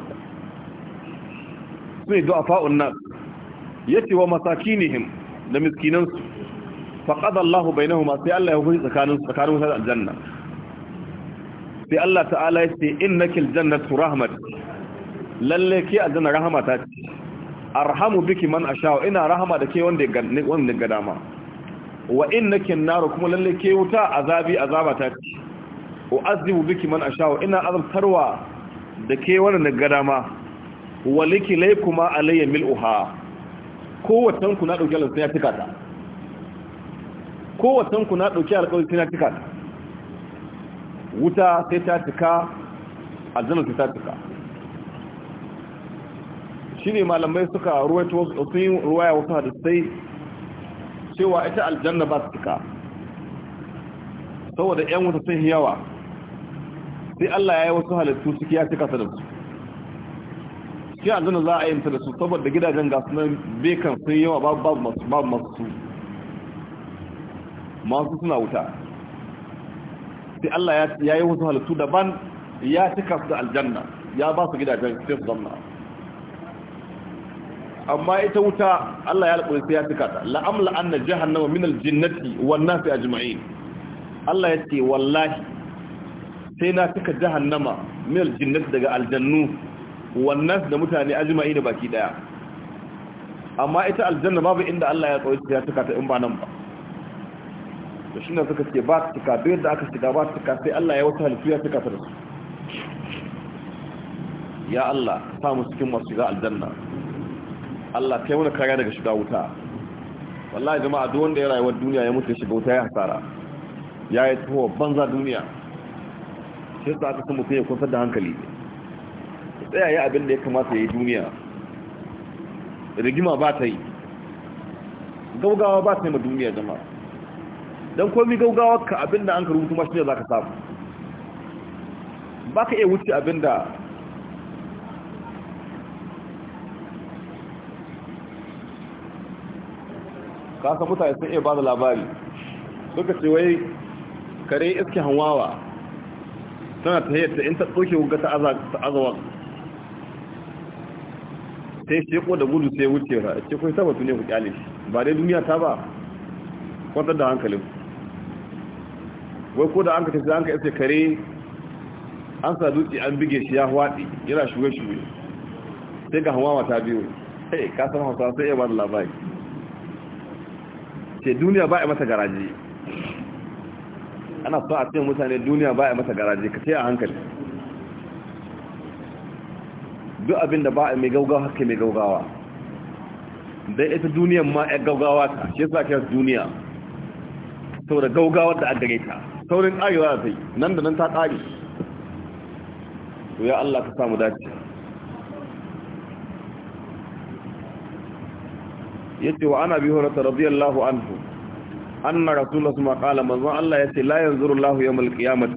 A: su ne du'a fa'un nan ya ce wa masaki him da miskinansu faƙad Allah bai nahu sai Allah ya hukunci tsakanin wutar aljanna sai Allah ta'ala ya ce in nakil jannatu rahmat lalle ke aljanna rahama ta ce arhamu biki man asha ina rahama da ke wanda ya ga dama wa kin naru kuma lalle ke wuta azabi azaba ta ce wa azibu biki man asha'u ina azabtarwa da ke wannan gada ma wa liki laikuma alayya mil'uha kowatan ku na dauki alƙawari ya tika ta kowatan ku na dauki alƙawari ya tika ta wuta sai ta tika aljanna sai ta tika shine malamai suka ruwaito wasu ruwaya wasu hadisai cewa ita aljanna ba su cika saboda yan wuta sun yawa sai Allah ya yi wasu halittu suke ya cika su da su shi aljanna za a yi da su saboda gidajen gasu nan bekan sun yawa babu masu masu su masu suna wuta sai Allah ya yi wasu halittu daban ya cika su da aljanna ya ba su gidajen sai su zanna amma ita wuta Allah ya alƙuri sai ya tuka ta la'amla anna jahannama min aljinnati wan a ajma'in Allah ya ce wallahi sai na tuka jahannama min aljinnati daga aljannu wan nas da mutane ajma'in baki daya amma ita aljanna babu inda Allah ya alƙuri sai ya tuka ta in ba nan ba to shine suka ce ba tuka bai da aka shiga ba tuka sai Allah ya wata halittu ya tuka ta da su ya Allah sa musu cikin masu ga aljanna Allah kai muna kariya daga shiga wuta wallahi jama'a duk wanda ya rayuwar duniya ya mutu shiga wuta ya hasara ya yi tsoho banza duniya shi sa aka kuma ya kusa da hankali ya tsaya ya abin da ya kamata ya yi duniya rigima ba ta yi gaugawa ba ta yi ma duniya jama'a don komi gaugawa ka abin da an karu rubutu mashi ne za ka samu ba ka iya wuce abin da kasa mutane sun iya ba da labari suka ce wai kare iske hanwawa tana ta hayyata in ta tsoke wuga ta azawa ta yi sheko da gudu sai wuce ra ce kun saba ne ku kyale ba dai duniya ta ba kwantar da hankalin wai ko da an ka tafi an ka iske kare an sa dutse an bige shi ya hwaɗi yana shuge-shuge sai ga hanwawa ta biyu sai san hausa sai iya ba da labari ce duniya ba a masa garaji? ana so a cikin mutane duniya ba a masa garaji, ka ce a hankali duk abin da ba a mai gaugawa haka mai gaugawa dai ita duniyan ma ya gaugawa ta shi yasa kiyar duniya sau da gaugawa da an gare ta saurin ƙarewa ta yi nan da nan ta ƙari to ya Allah ka samu dace yace wa ana bi hurata radiyallahu anhu anna rasulullah ma qala manzon Allah yace la yanzuru Allahu yawmal qiyamah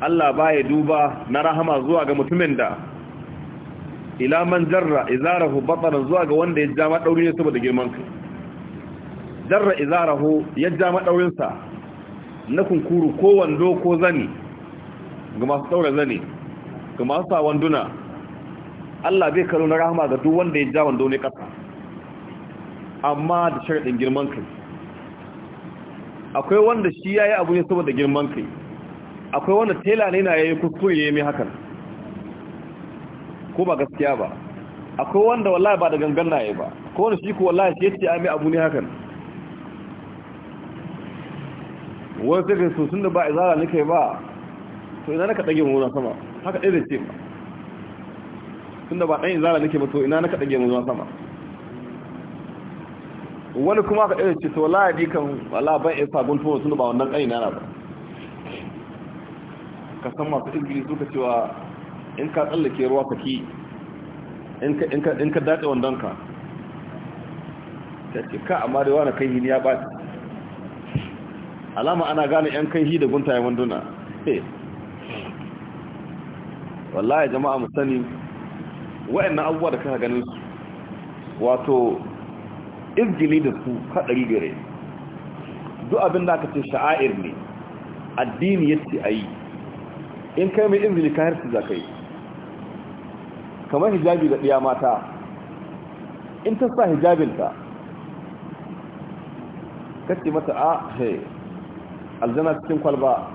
A: Allah baya duba na rahama zuwa ga mutumin da ila man jarra izarahu batana zuwa ga wanda ya jama daurin ne saboda girman kai jarra izarahu ya jama daurin sa na kunkuru ko wando ko zani ga masu daura zani ga masu sa wanduna Allah bai karo na rahama ga duk wanda ya ja wando ne kasa amma da sharaɗin girman kai akwai wanda shi ya yi abu ne saboda girman kai akwai wanda tela ne na yayi kuskure ya yi mai hakan ko ba gaskiya ba akwai wanda wallahi ba da gangan na yi ba ko wanda shi ku wallahi shi yace ai mai abu ne hakan wani sai kai sosun da ba a zara nika ba to ina naka ɗage mummuna sama haka ɗaya da ce ba tun da ba ɗan izara nake ba to ina naka ɗage mummuna sama wani kuma ka ɗaya ce sau la'adi kan wala ban iya sabon tuwo sun ba wannan ƙani nana ba ka san masu ingili suka cewa in ka tsallake ruwa ka ki in ka daɗe wandon ka ta ce ka amma da wani kai hini ya ɓaci alama ana gane 'yan kai hi da guntayen wanduna wallahi jama'a mu sani wa'annan abubuwa da kan ganin su wato izgili da su haɗari gare duk abin da aka ce sha'air ne addini ce a yi in kai mai izgili ka su za ka yi kamar hijabi da ɗiya mata in ta sa hijabinta kace mata a ah, he aljana cikin kwalba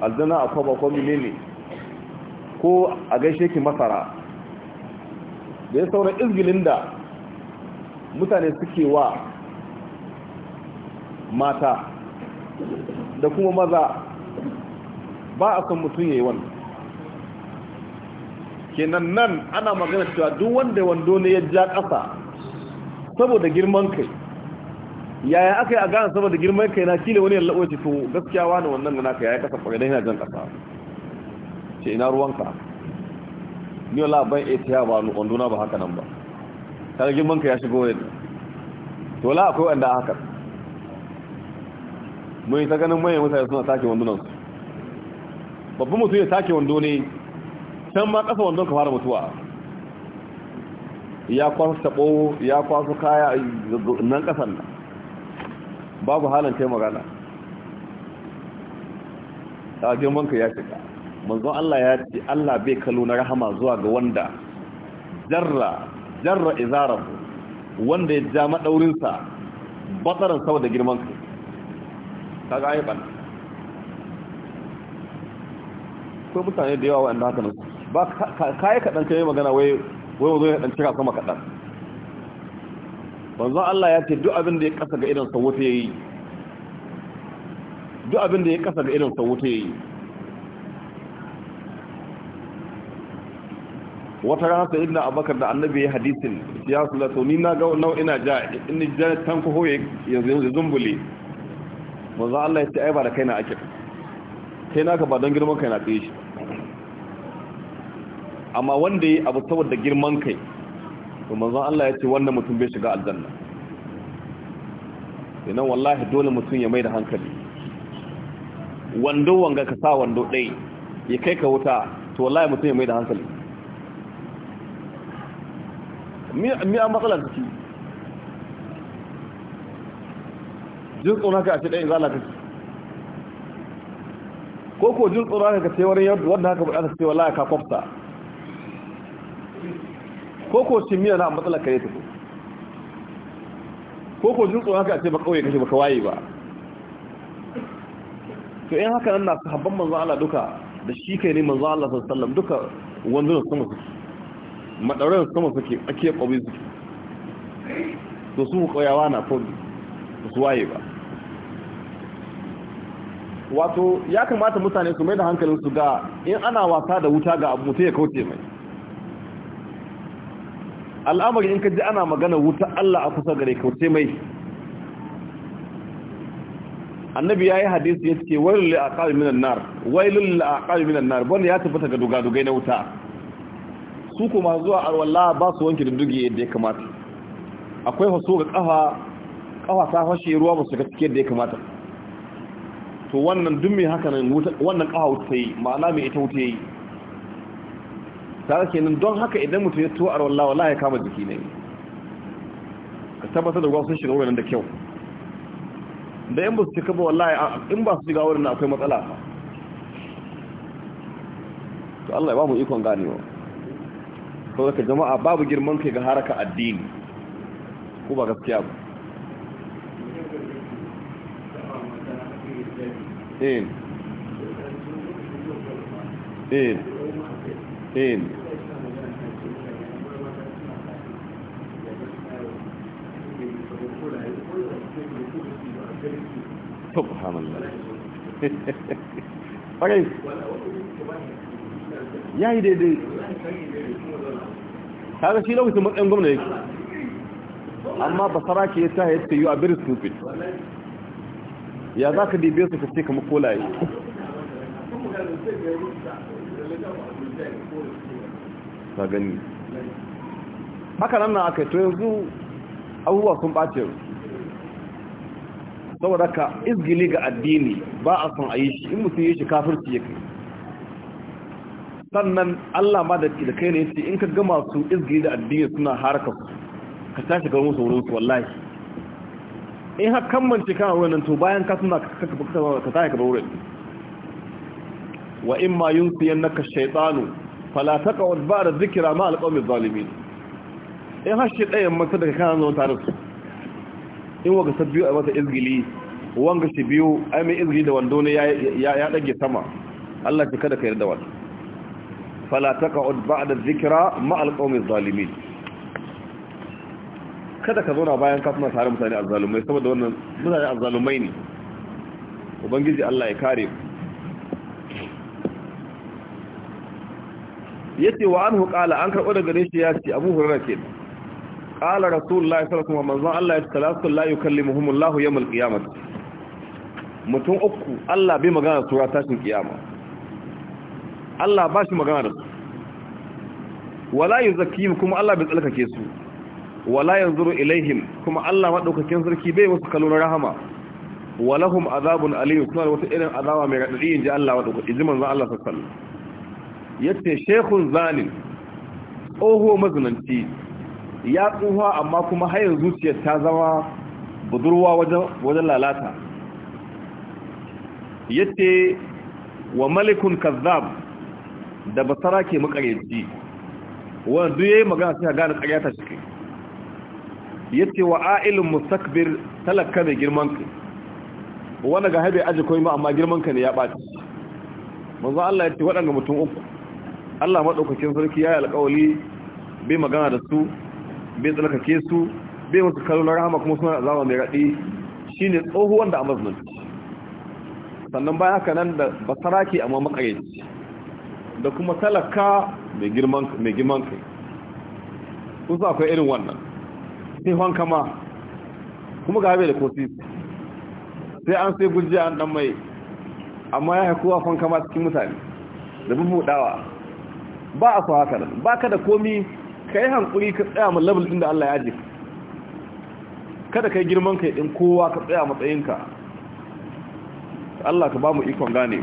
A: aljana a kwaba ne ne ko a gaishe ki masara da ya sauran izgilin da mutane suke wa mata da kuma maza ba a san mutum ya yi wannan kenan nan ana magana cewa duk wanda wando ne ya ja ƙasa saboda girman kai yaya aka yi a gane saboda girman kai na kila wani yalla oce to gaskiya wani wannan gana ka yaya ƙasa kwarai don yana jan ƙasa ce ina ruwanka ni wala ban iya yaba ba wando na ba haka nan ba kargin banka ya shigo yadda. to la akwai wanda haka mun yi tsakanin mayan mutane suna sake wandunan su babban mutum ya sake wando ne can ma kasa wandon ka fara mutuwa ya kwasu taɓo ya kwasu kaya nan kasan nan babu halin kai magana ƙarfin banka ya shiga manzon Allah ya ce Allah bai kallo na rahama zuwa ga wanda zarra jarra izarar wanda ya ja maɗaurinsa batsarar sau da girman kai ta ga ayyukan ko mutane da yawa wa'anda haka nan ba yi kaɗan kai magana wai wanzu ya ɗan cika sama kaɗan banzu Allah ya ce duk abin da ya kasa ga idan sauwata ya yi duk abin da ya kasa ga idan sauwata ya yi wata rana sai ibnu abakar da annabi ya hadisin ya to ni na ga nau ina ja in ni ja tan ko hoye yanzu yanzu zumbule manzo Allah ya ce ai ba da kaina ake kai naka ba don girman kai na tsaye shi amma wanda yi abu saboda girman kai to manzo Allah ya ce wannan mutum bai shiga aljanna ina wallahi dole mutum ya mai da hankali wando wanga ka sa wando dai ya kai ka wuta to wallahi mutum ya mai da hankali mi an matsalar ciki jin tsoron haka a ce ɗayin zala kake ko ko jin tsoron haka ce wani yadda wadda haka buɗa ta ce wala ka kwafta ko ko ce miya na matsalar ka ta tafi ko ko jin tsoron haka a ce ba kawai kashe ba ka waye ba to yin haka nan na sahabban manzan Allah duka da shi kai ne manzan Allah sallallahu alaihi wasallam duka wanzu da sun mutu maɗaurar sama suke ake ƙwabin suke to su ƙwayawa na ba su waye ba wato ya kamata mutane su mai da hankalinsu ga in ana wasa da wuta ga abu mutu ya kauce mai al'amari in ka ji ana magana wuta Allah a kusa gare kauce mai annabi ya yi hadisi ya ce wailul lil aqabi minan nar wailul lil aqabi minan nar ya tabbata ga dugadugai na wuta su kuma zuwa arwalla ba su wanke dindigi yadda ya kamata akwai wasu ga kafa kafa ta fashe ruwa ba su ga cike yadda ya kamata to wannan dun mai haka nan wannan kafa wuta yi ma'ana mai ita wuta ya yi tare kenan don haka idan mutum ya tuwa arwalla wala ya kama jiki ne ka tabbatar da ruwa sun shiga wurin da kyau da yan ba su cika ba wallahi in ba su shiga wurin akwai matsala to Allah ya ba mu ikon ganewa sau daga jama'a babu girman kai ga haraka addini ko ba gaskiya ba in
B: in in ya yi daidai
A: kaga shi lokacin matsayin gwamna yake amma basara ke ya ta ya ce you are very stupid ya za ka dibe su ka ce kama kolaye ta gani haka nan na aka to yanzu abubuwa sun ɓace saboda ka izgili ga addini ba a son a yi shi in mutum yi shi kafirci ya kai sannan Allah ma da kai ne ce in ka ga masu izgiri da addini suna haraka ka tashi ga musu wurin su wallahi in har kammance kana wurin to bayan ka suna ka ka tashi ka wurin wa imma yunsiyannaka shaytanu fala taqud ba'da dhikra ma alqawmi zalimin in ha shi dayan maka daga kana zama tare su in waga sabbiyo a mata izgili wanga shi biyo ai mai izgili da wando ne ya ya dage sama Allah shi kada ka yarda wannan fala taq'ud ba'da dhikra ma'al qawmi zalimin kada ka zauna bayan ka kuma tare mutane azzalumai saboda wannan mutane azzalumai ne ubangiji Allah ya kare yace wa anhu qala an karbo daga gare ya yace Abu Hurairah ke qala Rasulullahi sallallahu alaihi wasallam manzo Allah ya salatu la yukallimuhum Allah yawm al-qiyamah mutum uku Allah bai magana sura tashin kiyama Allah ba shi magana da su wala yuzakkihim kuma Allah bai tsalkake su wala zuru ilaihim kuma Allah maɗaukakin sarki bai wasu kalunar rahama walahum azabun Aliyu kuma wata irin azawa mai in ji Allah madaukakin jiman zan Allah sassan. Ya ce shekun zanin, oho mazunanci ya tsuha amma kuma hayar zuciyar ta zama budurwa wajen lalata Ya ce wa malikun kazzab da basara ke makarici wanda duk yayi magana sai gane tsariya ta cike ce wa a'ilun musakbir talaka mai girman ka wanda ga haibe aji koyi ma amma girman ka ne ya ɓaci manzo Allah ya ce waɗanda mutum uku Allah madaukakin sarki ya yi alƙawali bai magana da su bai tsalkake su bai masu kallo na rahama kuma suna zama mai raɗi Shi ne tsohuwan da a sannan baya haka nan da basara ke amma makarici da kuma talaka mai girman kai kun su akwai irin wannan sai wanka ma kuma ga haɓe da kosi sai an sai gujiya an ɗan mai amma ya haikuwa wanka ma cikin mutane da bubuɗawa ba a so haka nan ba ka da komi ka yi hankuri ka tsaya ma level ɗin da Allah ya jika kada ka yi girman kai ɗin kowa ka tsaya matsayinka Allah ka ba mu ikon gane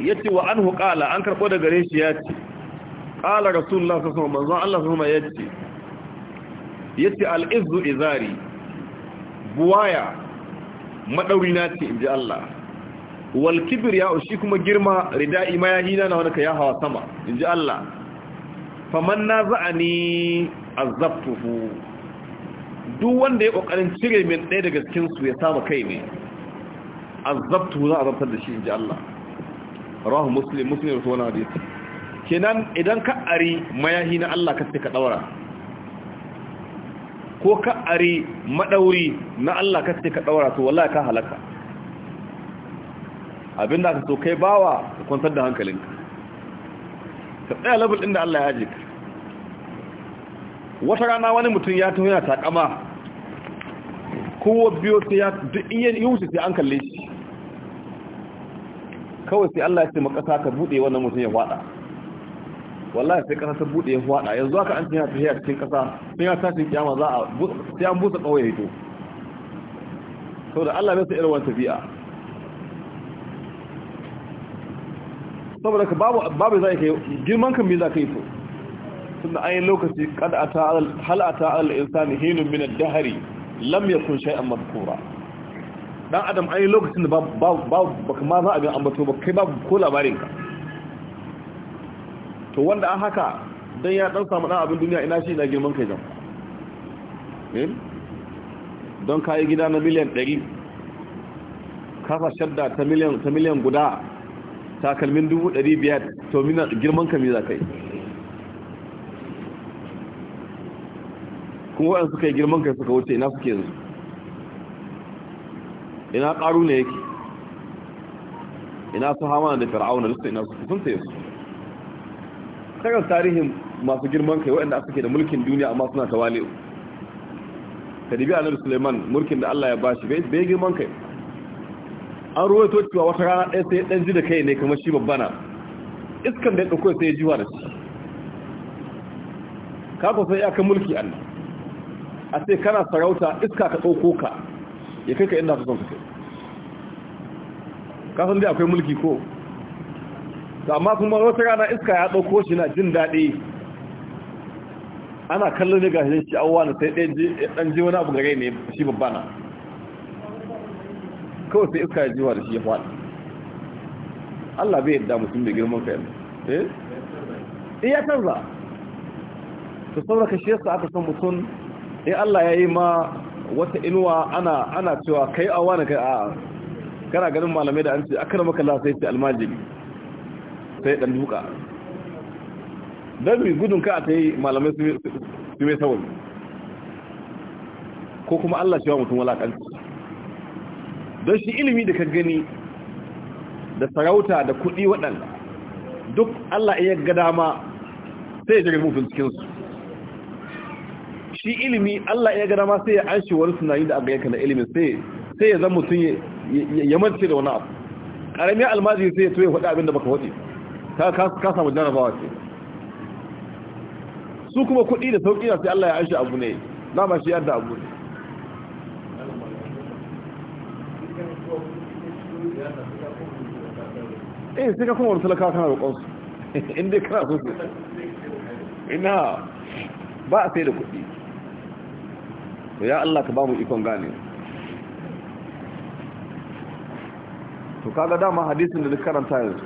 A: yace wa anhu qala an karbo da gare shi yace qala rasulullah sallallahu alaihi wasallam Allah sallallahu ya ce. yace yace al-izzu izari buwaya madauri na ce inji Allah wal ya ushi kuma girma rida'i mayahi na na wanda ya hawa sama inji Allah faman ni azabtuhu duk wanda ya kokarin cire min ɗaya daga cikin su ya samu kai ne azabtuhu za a zartar da shi inji Allah rahu muslim muslim da wani hadisi kenan idan ka ari mayahi na Allah ka sai ka daura ko ka ari madauri na Allah ka sai ka daura to wallahi ka halaka abinda ka so kai bawa ka kwantar da hankalinka ka tsaya level din da Allah ya jika ka wata rana wani mutum ya taho yana takama kowa biyo sai ya duk in yusu wuce sai an kalle shi kawai sai Allah ya ce makasa ta bude wannan mutum ya fada wallahi sai kasa ta bude ya fada yanzu haka an tinya tafiya cikin kasa sai ya tashi kiyama za a sai an busa kawai ya hito saboda Allah bai sa irin wannan tafiya saboda ka babu babu zai kai girman kan me za ka yi to tunda ayin lokaci kad ata hal ata al insani hinun min ad-dahri lam yakun shay'an madhkura dan adam ai lokacin da ba ba ma za a ga ambato ba kai babu ko labarinka to wanda an haka dan ya dan samu dan abin duniya ina shi ina girman kai zan eh? don kai gida na miliyan 100 kafa shadda ta miliyan ta miliyan guda takalmin 1500 to mina girman ka me za kai kuma waɗanda suka yi girman kai suka wuce ina suke yanzu ina ƙaru ne yake ina su hama da fir'auna duk ina su sun sai su kaga tarihin masu girman kai waɗanda suke da mulkin duniya amma suna tawali dibi annabi Suleiman mulkin da Allah ya bashi bai girman kai an to cewa wata rana ɗaya sai ɗan ji da kai ne kamar shi babbana iskan da ya ɗauko sai ya jiwa da shi ka kusa kan mulki Allah a sai kana sarauta iska ka ɗauko ka ya kai ka inda ka son ka kai kasan dai akwai mulki ko amma kuma wata rana iska ya ɗauko shi na jin daɗi ana kallon ne gashin shi awwa na sai ɗan ji wani abu gare ne shi babba na kawai sai iska ya jiwa da shi ya faɗi Allah bai yadda mutum da girman ka yanzu eh, eh ya canza ta sauraka shi yasa aka san mutum in Allah ya yi ma wata inuwa ana ana cewa kai awa na kai a'a kana ganin malamai da an ce akara maka la sai ce almajiri sai dan duka dan mi gudun ka a yi malamai su mai sauri ko kuma Allah shi wa mutum walakanci don shi ilimi da ka gani da sarauta da kuɗi waɗanda duk Allah iya ga dama sai ya jirgin mutum cikinsu shi ilimi Allah ya gana ma sai ya anshi wani sunani da aka yanka na ilimi sai ya zama mutum ya mance da wani abu ƙarami almajiri sai ya tuye faɗi abinda baka faɗi ka samu jarabawa ce su kuma kuɗi da sauƙi na sai Allah ya anshi shi abu ne dama shi yadda abu ne eh sai ka kuma wani talaka kana roƙonsu inda kana so su ina ba a sai da kuɗi to ya Allah ka ba mu ikon gane to kaga dama hadisin da duk karanta yanzu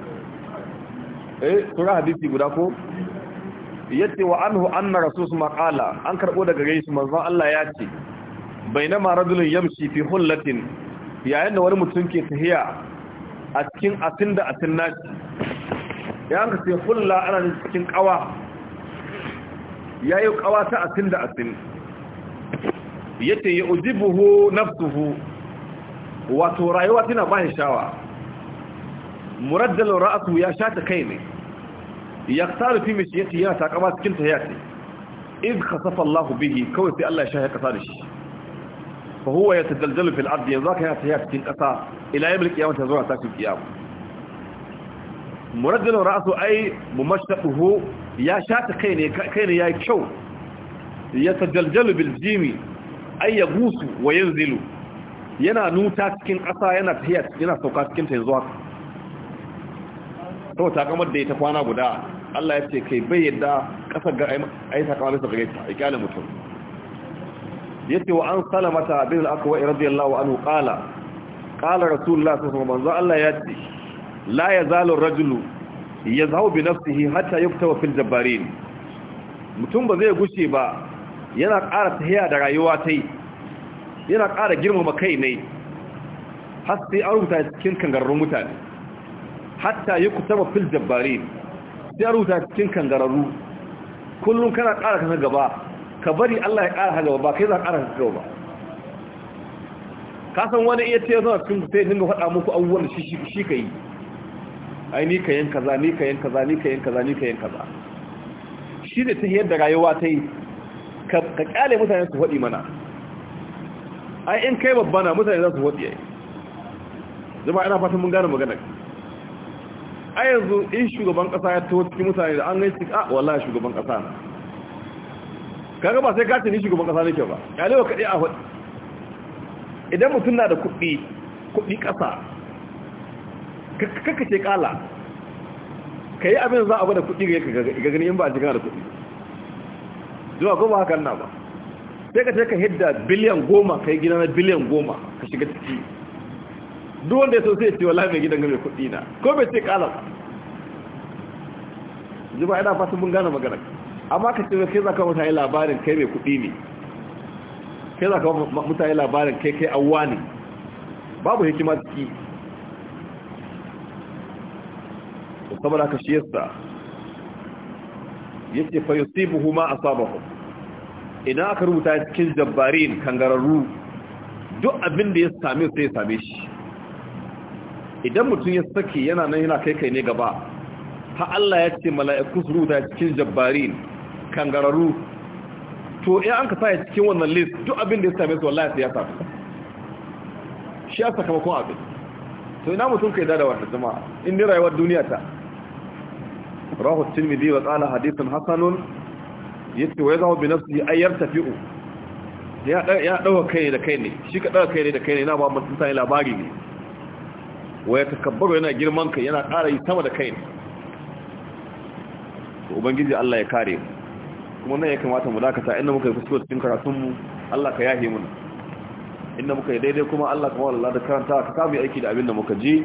A: eh sura hadisi guda ko yace wa anhu anna rasulus maqala an karbo daga gare shi manzo Allah ya ce bainama radulun yamshi fi hullatin yayin da wani mutum ke tahiya a cikin atin da atin nashi yayin ka ce hulla ana cikin kawa yayi kawa ta atin da atin yace yu'jibuhu nafsuhu wato rayuwa tana bashi shawa muraddal ra'su ya shata kai ne yaktar fi mishiyati ya takama cikin ta tahiyati id khasafa Allah bihi kawai sai Allah ya shahe kasa da shi fa huwa yatadaljalu fil ardi yanzu ka ya tahiyati cikin kasa ila yawmil qiyamah zuwa tashin qiyamah muraddal ra'su ay mumashaquhu ya shata kai ne kai ne ya kyau yatadaljalu bil jimi ayya gusu wa yanzilu yana nuta cikin ƙasa yana tafiya yana sauka cikin ta yanzu haka saboda takamar da ya ta kwana guda Allah ya ce kai bai yadda ƙasar ga ayi takamar bisa gare ta ikale mutum ce wa an salamata da aka wa'i radiyallahu anhu Ƙala qala rasulullah sallallahu alaihi wasallam Allah ya ce la Ya ar-rajulu yazhabu bi nafsihi hatta wa fil jabbarin mutum ba zai gushe ba yana ƙara tahiya da rayuwa ta yi yana ƙara girmama kai ne har sai an rubuta cikin kangararrun mutane hatta yi ku taba fil jabbari sai an rubuta cikin kangararru kullum kana ƙara kasa gaba ka bari Allah ya ƙara gaba ba kai za a ƙara kasa gaba ka san wani iya ce zuwa cikin sai dinga faɗa muku abubuwan shi shi ka yi ai ni ka yanka za, ni ka yanka za, ni ka yanka za, ni ka yanka za. shi ne ta yi yadda rayuwa ta yi ka kyale mutane su faɗi mana ai in kai babba na mutane za su faɗi ai zama ina fatan mun gane magana a yanzu in shugaban ƙasa ya taho cikin mutane da an gai su a wallahi shugaban ƙasa, na kaga ba sai ka ce ni shugaban ƙasa na ke ba wa kaɗai a faɗi idan mutum na da kuɗi kuɗi ƙasa kakka ce ƙala ka yi abin za a bada kuɗi ga gani in ba a jikin da kuɗi zuwa goma haka na ba sai ka ka hidda biliyan goma ka yi gina na biliyan goma ka shiga ciki duk wanda ya so sai ce wala mai gidan game kuɗi na ko bai ce kala ba jima ina fata mun gane magana amma ka ce kai za ka mutane labarin kai mai kuɗi ne kai za ka mutane labarin kai kai awwa ne babu hikima ciki saboda ka shi yasta yace fa yusibuhu ma asabahu idan aka rubuta cikin jabbarin kangararru duk abin da ya same sai ya same shi idan mutum ya saki yana nan yana kai kai ne gaba ha Allah ya ce mala'iku su rubuta cikin jabbarin kangararru to in an ka sa cikin wannan list duk abin da ya same su wallahi sai ya same shi ya sakamakon abin to ina mutum kai da da wata jama'a in ni rayuwar duniya ta rahu tirmidhi wa qala hadithun hasanun yace wa yazahu bi nafsihi يا yartafi'u ya دا dawa kai da kai ne shi ka ني kai ne da kai ne na ba mutum sai labari ne wa ya takabbaru yana girman kai yana ƙara yi sama da kai ne to Allah ya kare mu kuma kamata mu dakata inda muka yi kuskure cikin karatun Allah ka yahe mu inda muka yi daidai kuma Allah kuma Allah da karanta ka yi aiki da abin da muka ji